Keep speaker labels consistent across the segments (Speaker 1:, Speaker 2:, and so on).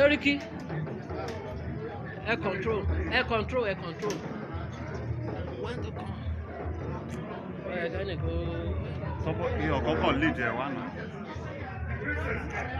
Speaker 1: Seriki ẹ control ẹ control ẹ control when to come. ọ̀rẹ́ ẹ̀dá nìkan.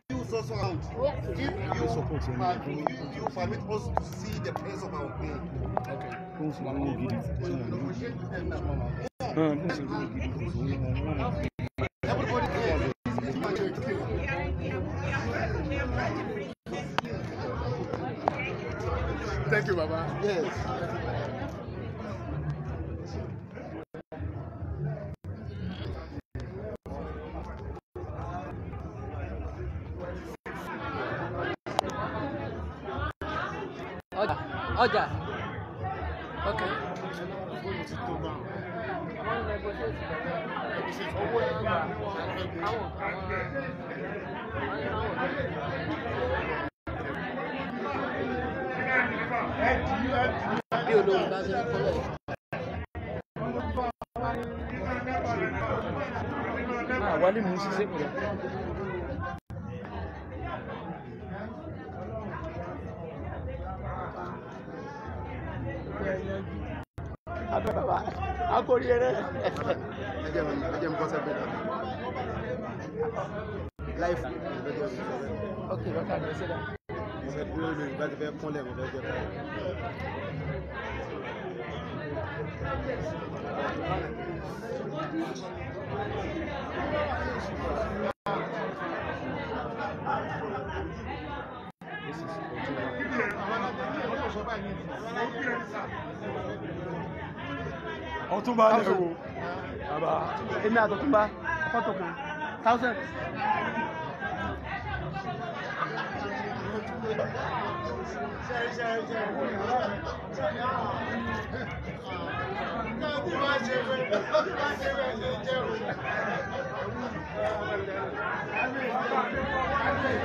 Speaker 1: around. If you, you, you permit us to see the price of our pain. Okay. Everybody there. Thank you, Baba. Yes. ọjà. ok. bí olóhùn bá ṣe ń kọ́lẹ̀. àwọn alẹ́ mú un ṣiṣẹ́ pẹ̀lú. Mwen gen mwen, gen mwen konsep mwen. Laif mwen, mwen gen mwen, mwen gen mwen, mwen gen mwen, mwen gen mwen. ọ̀túnba lè wò. bàbá èmi àtọ̀túnba fọ́tò kan thousand. Thank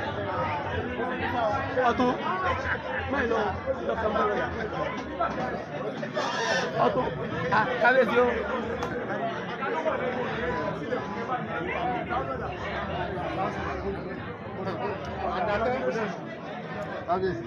Speaker 1: you ọtún báyìí lọ lọkàn mọ rẹ ọtún kábíyèsí o. Kábíyèsí.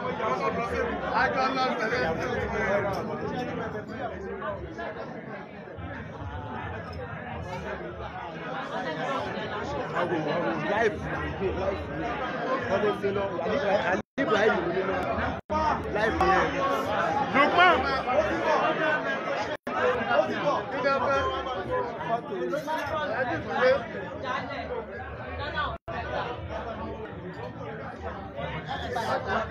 Speaker 1: life life ọdún ṣe lọ life yẹn. Lukman. Thank you.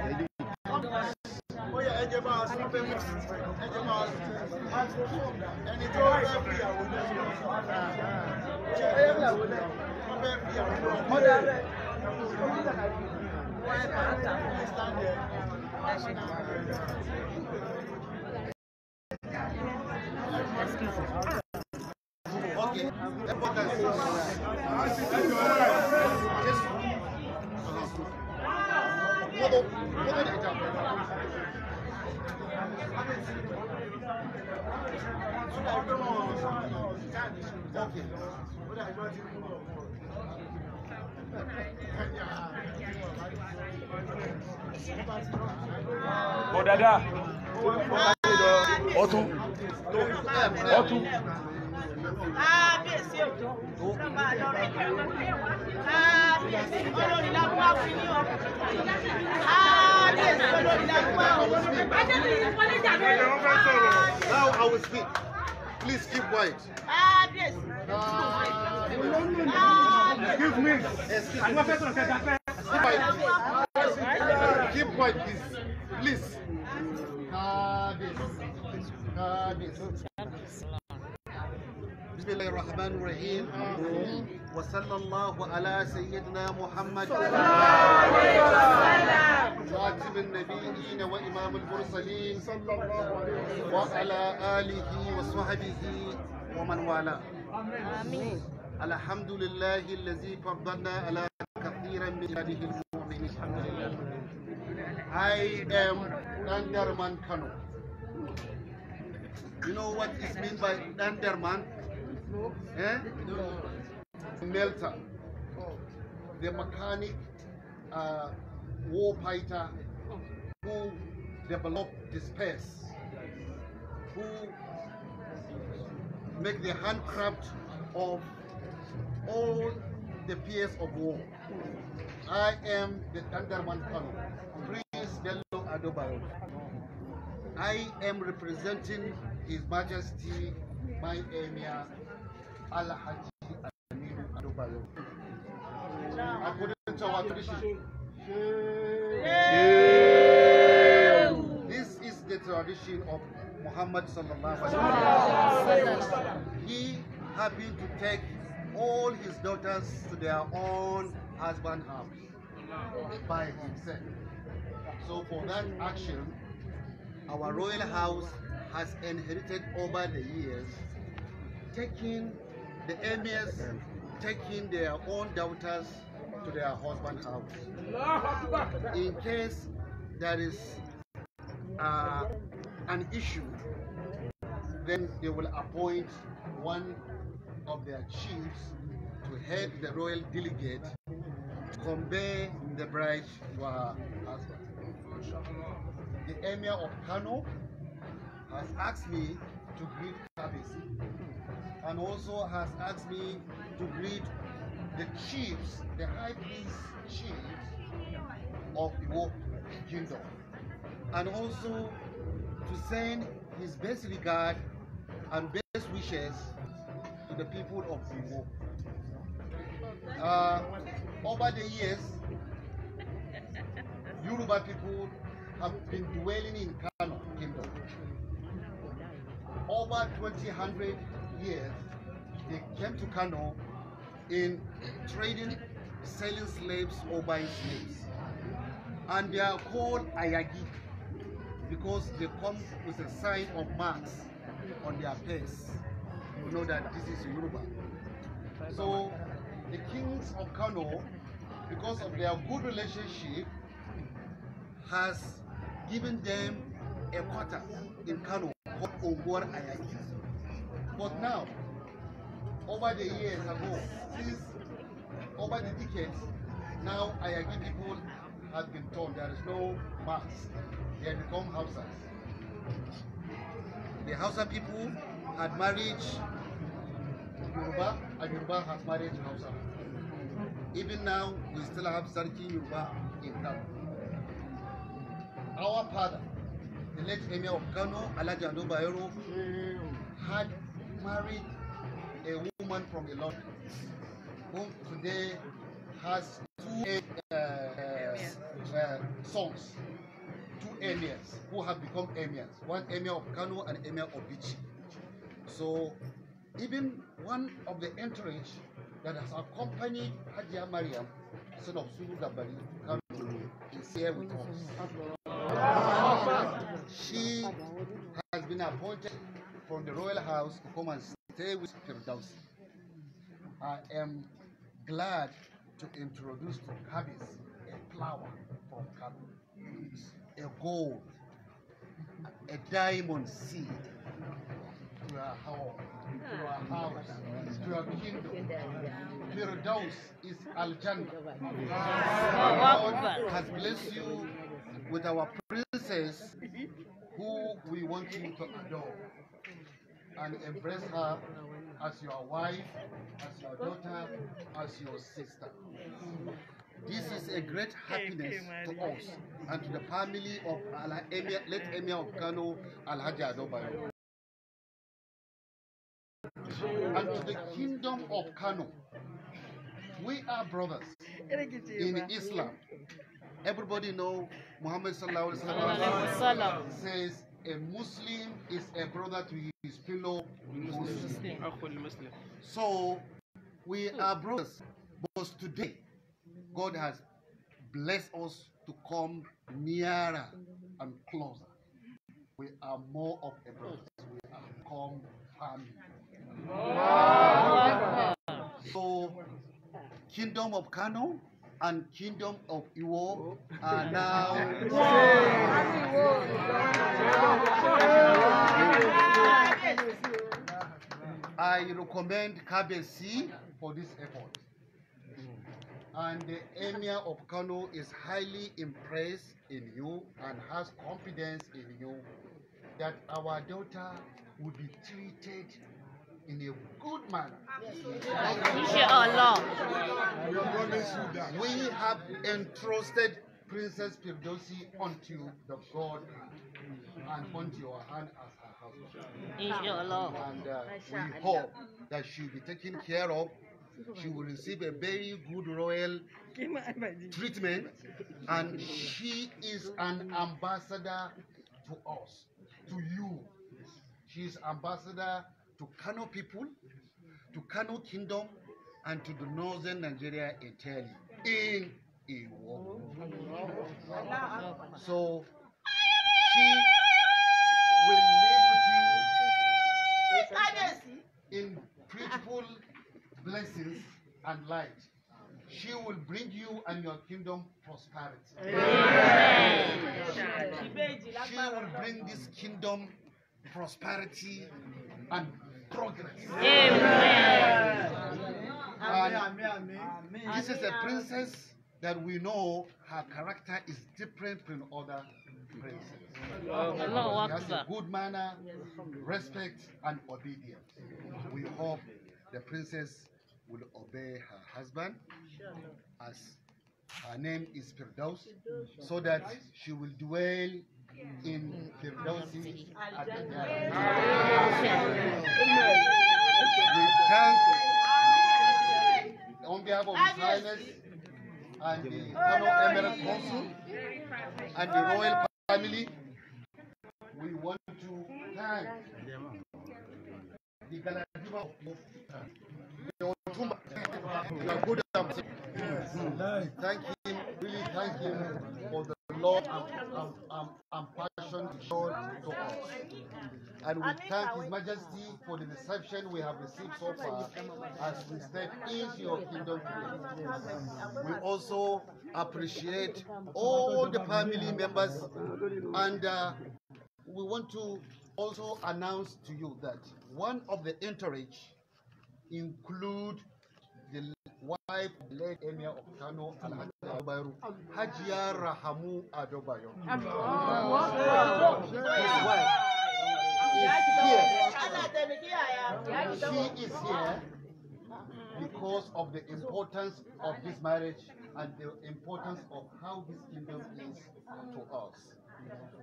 Speaker 1: ìtẹ́jú. bóyá ẹ jẹ́ máa sún pé mo sì ẹ jẹ́ máa ẹni tó fẹ́ fi ìyàwó lé wọ́n fẹ́ fi ìyàwó lé Okay. ọ̀dàdà ọ̀tún ọ̀tún. Kábíyèsí òkè, sábà lọ́rẹ́ kẹwàá, kábíyèsí olórí lábúwá fún ní ọkùnrin. Now I will speak. Please keep quiet. Ah, yes. Excuse me. Excuse me. Keep quiet, please. Please. Bismillahirrahmanirrahim. وصلى الله على سيدنا محمد صلى الله عليه وسلم خاتم النبيين وإمام المرسلين صلى الله عليه وسلم وعلى آله وصحبه ومن والاه آمين الحمد لله الذي فضلنا على كثيرا من هذه المؤمنين الحمد لله I am Danderman Kano. You know what is meant by Danderman? Eh? No. melter, the mechanic, uh, war fighter who developed the space, who make the handcraft of all the fears of war. I am the Thunderman Colonel, Prince Bello Adobayo. I am representing His Majesty, my Emir, Al-Hajj this is the tradition of Muhammad sallallahu alaihi wasallam. He happened to take all his daughters to their own husband house by himself. So for that action, our royal house has inherited over the years, taking the emirs taking their own daughters to their husband's house. In case there is uh, an issue, then they will appoint one of their chiefs to head the royal delegate to convey the bride to her husband. The emir of Kano has asked me to greet Kabisi and also has asked me to greet the chiefs, the high priest chiefs of Iwo Kingdom, and also to send his best regard and best wishes to the people of Iwo. Uh, over the years, Yoruba people have been dwelling in Kano Kingdom. Over 2000 years, they came to Kano in trading, selling slaves or buying slaves. And they are called Ayagi because they come with a sign of marks on their face. You know that this is Yoruba. So the kings of Kano, because of their good relationship, has given them a quarter in Kano called Ongor Ayagi. But now, over the years ago, since over the decades, now Ayagi people have been told There is no mass. They have become Hausas. The Hausa people had marriage Yoruba, and Yoruba has married Hausa. Even now, we still have Sarki Yoruba in town. Our father, the late Emir of Kano, Alaji Ando Bayero, had married a woman from Ilorin whom today has two uh, uh, sons, two emirs who have become emirs, one emir of Kano and emir of Bichi. So even one of the entourage that has accompanied Hajia Mariam, son of Sulu Dabari, Kano, is here with us. She has been appointed from the royal house to come and stay with Firdaus. I am glad to introduce from Cadiz a flower from Cadiz, a gold, a diamond seed to our home, to our house, to our kingdom. Firdaus is Al God has blessed you with our princess who we want you to adore and embrace her as your wife, as your daughter, as your sister. This is a great happiness to us and to the family of Al Emir, late Emir of Kano, Alhaji Adobayo. And to the kingdom of Kano, we are brothers in Islam. Everybody know Muhammad Sallallahu Alaihi Wasallam says, a Muslim is a brother to his fellow Muslim. So we hmm. are brothers. But today, God has blessed us to come nearer and closer. We are more of a brother. We have come family. So, Kingdom of Kano and kingdom of Iwo uh, are now I recommend KBC for this effort. And the Emir of Kano is highly impressed in you and has confidence in you that our daughter will be treated in a good manner. We have entrusted Princess Pirdosi unto the God and unto your hand as her husband. And uh, we hope that she will be taken care of she will receive a very good royal treatment and she is an ambassador to us to you she is ambassador to Kano people, to Kano Kingdom, and to the northern Nigeria entirely in a war, So she will live with you in beautiful blessings and light. She will bring you and your kingdom prosperity. She will bring this kingdom prosperity and progress. Amen. Amen. This is a princess that we know her character is different from other princesses. Oh, she has a good manner, respect, and obedience. We hope the princess will obey her husband as her name is Firdaus, so that she will dwell in Firdausi at the We thank, on behalf of His Highness and the Honourable Emirate Consul and the royal family, we want to thank the Galadima of the Otuma, the Thank him, really thank him for the love and, and and passion shown to us. And we thank His Majesty for the reception we have received so far as we step into your kingdom today. We also appreciate all the family members and uh, we want to also announce to you that one of the entourage include the wife late emir of Kano Al Adobayo. Hajiya Rahamu Adobayo. She is here
Speaker 2: because of the importance of this marriage and the importance
Speaker 1: of how this kingdom is to us.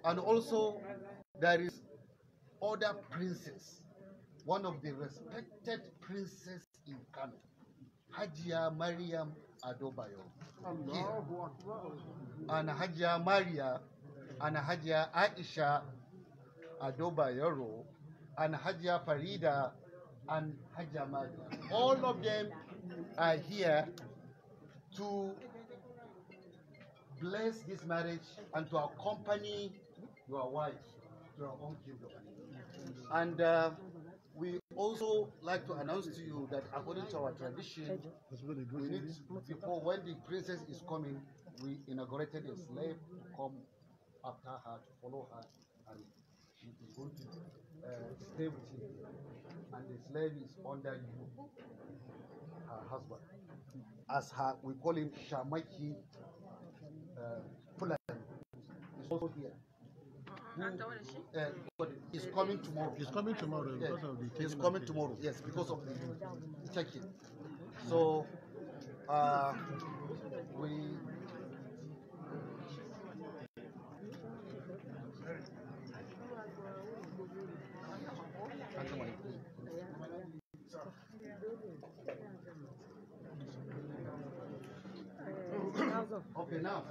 Speaker 1: And also, there is other princess, one of the respected princess in Kano, Hajia Mariam Adobayo. Ana Maria, Mariya, ana Aisha Adobayoro, ana Farida, and Hajia Maga. All of them are here to bless this marriage and to accompany your wife. And uh, we also like to announce to you that according to our tradition, we need before when the princess is coming, we inaugurated a slave to come after her, to follow her, and she is going to uh, stay with you. And the slave is under you, her husband. As her, we call him Shamaki uh, Fulani. He's also here. But he's coming tomorrow. He's coming tomorrow yeah. because of the He's coming tomorrow, yes, because of the checking. Mm-hmm. So uh, we Okay, now,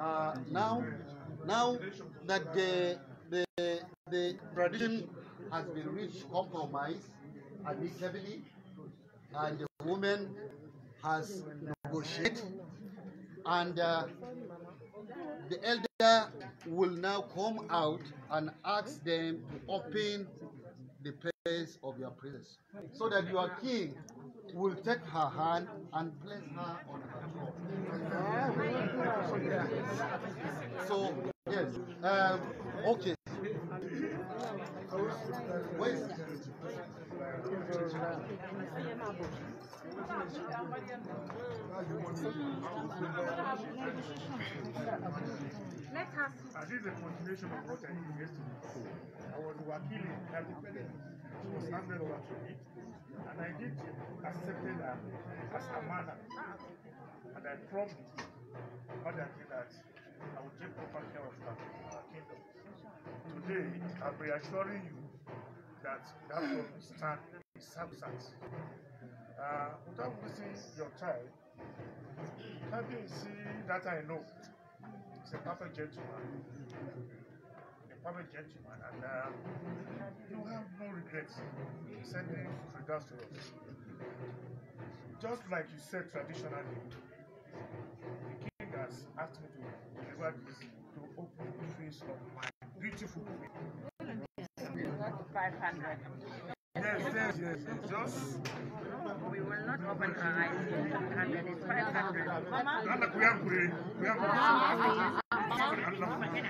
Speaker 1: uh, now now that the, the, the tradition has been reached compromise amicably and the woman has negotiated and uh, the elder will now come out and ask them to open the place of your presence, so that your king will take her hand and place her on her throne. So, yes. Um, okay. Let us. is a continuation of what I did yesterday. I was working She was handed over to me, and I did accept her as a mother. And I promised Mother that I would take proper care of her in our kingdom. Today, I'm reassuring you that that will stand in substance. Uh, without wasting your time, Kábíyèsí that I know is a perfect gentleman. I'm a gentleman and uh, you have no regrets sending regards to us. Just like you said traditionally, the king has asked me to deliver this to open the face of my beautiful queen. Yes, yes, yes, yes. Just we will not open our eyes. And it is 500. Mama? Mama? Mama? Mama? Mama?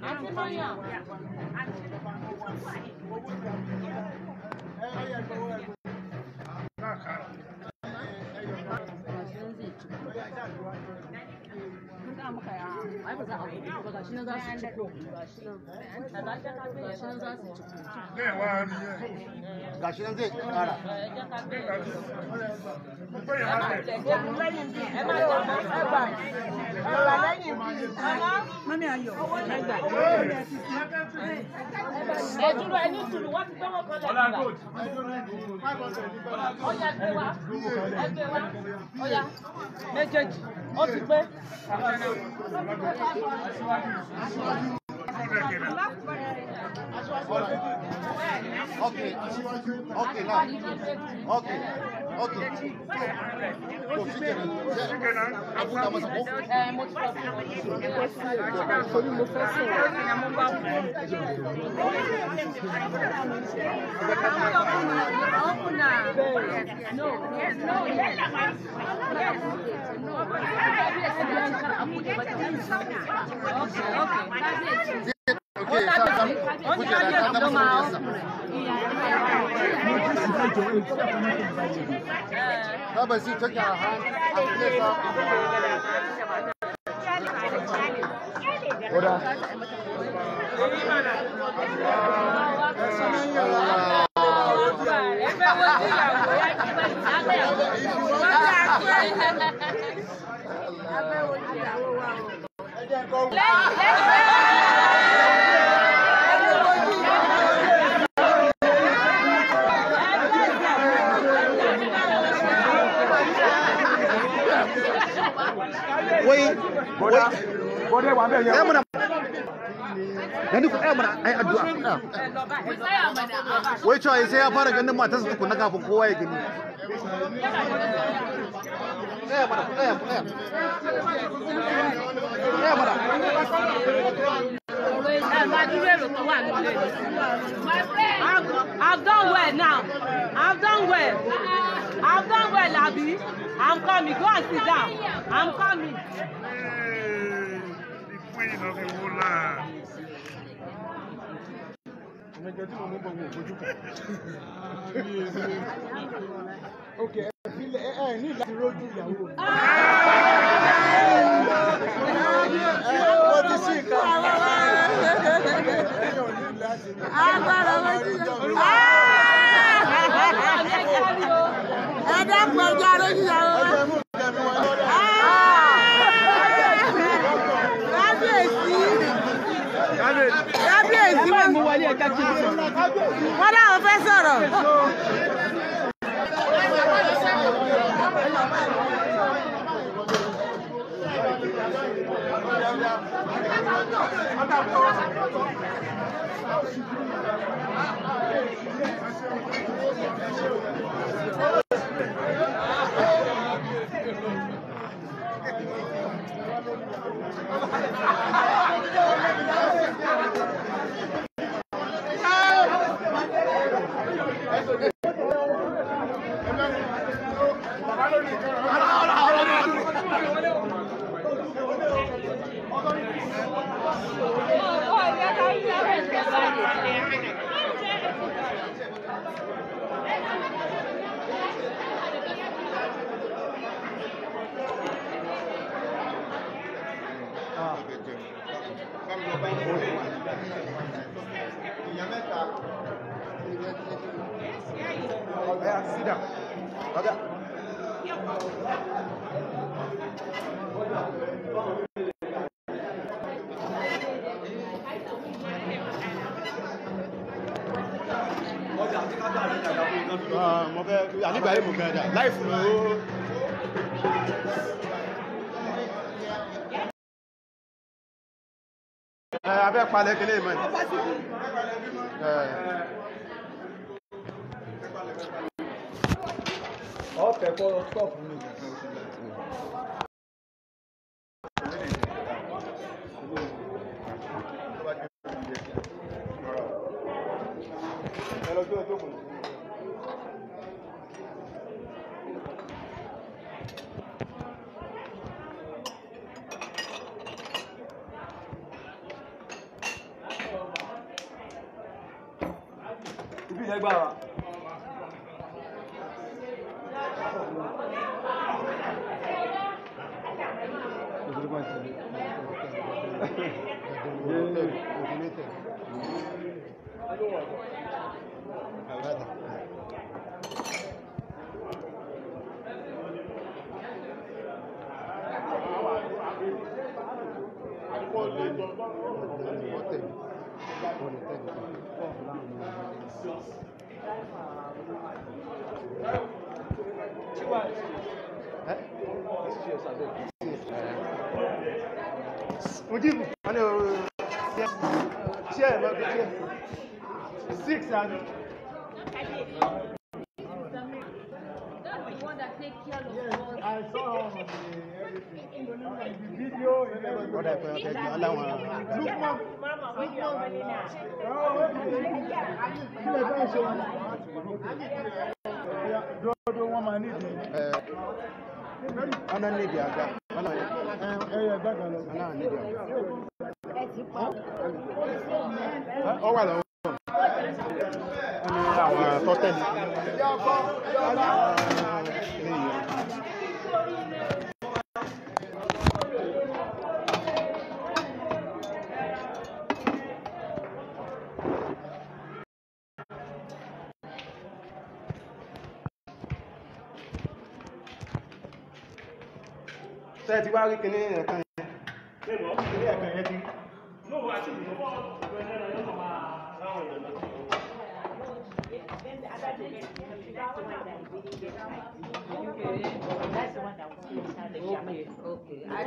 Speaker 1: Auntie Maria. Auntie Maria. ai ba za a buɗe ba gashi nan za su ci gashi nan za su ci gashi nan zai ƙara Mami ayo ẹ̀dúró ẹni sùúrù wọ́n ti gbé wọn kan lẹ́yìn gbà. ọ̀yà gbé wa ẹgbẹ́ wa ọ̀yà méjèèjì ó ti gbé. Thank you. Okay. Okay, now. Okay. Okay. É motivação. Foi motivação. No, yes, no, yes. Yes. No, Okay, okay. Okay, okay. 他不是出家哈，他那个。好的。Let's go. wai cewa sai ya fara ganin matarsa tukunna kafin kowa ya gani I've done well now. I've done well well, Abi. I'm coming. Go and sit down. I'm coming. Hey, the queen of the whole land. okay, ẹ ní láti rójú ìyàwó. ẹgbẹ̀já rẹ̀ yíyàwó. kábíyèsí fẹ́ sọ̀rọ̀. ọ̀gá sídà ọ̀gá. mo fẹ́ àníbàáyé mo fẹ́ dà láì fún mi fẹ́ palẹ̀ kele mọ́ ọ̀tẹ̀ kọ́ lọ stop mi. Ẹ lọ sí ọjọ́ kò sí. Bye-bye. Mujibu, wani chair, mafi chair. Six and. I saw the, everything. The video and everything. What happened? Okay, Lukman. Lukman. Oh, okay dodo wọn máa ní ìdí. ọ̀nà nídìí àga ọlọ́run ẹ̀yẹ gbàgbà lọ. ọlọ́run nídìí àga. ẹ ti pọ̀. ọ wà lọ́wọ́. ọ̀nà àwọn tọ́tẹ̀. tẹ́ ti wá rí kìíní ẹ̀kan yẹn ti Okay, okay. I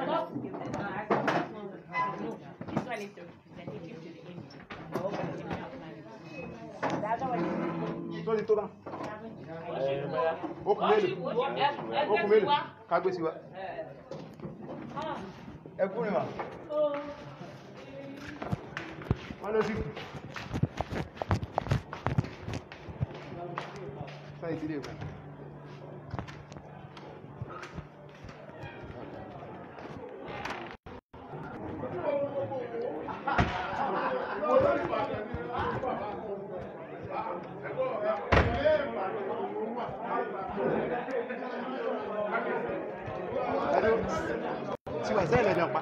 Speaker 1: Tó ti tó bá. Ó mélòó. Ó mélòó. Ká sí wa kurwa. Ale żywo. Sajdy nie tí wà sẹ́lẹ̀ náà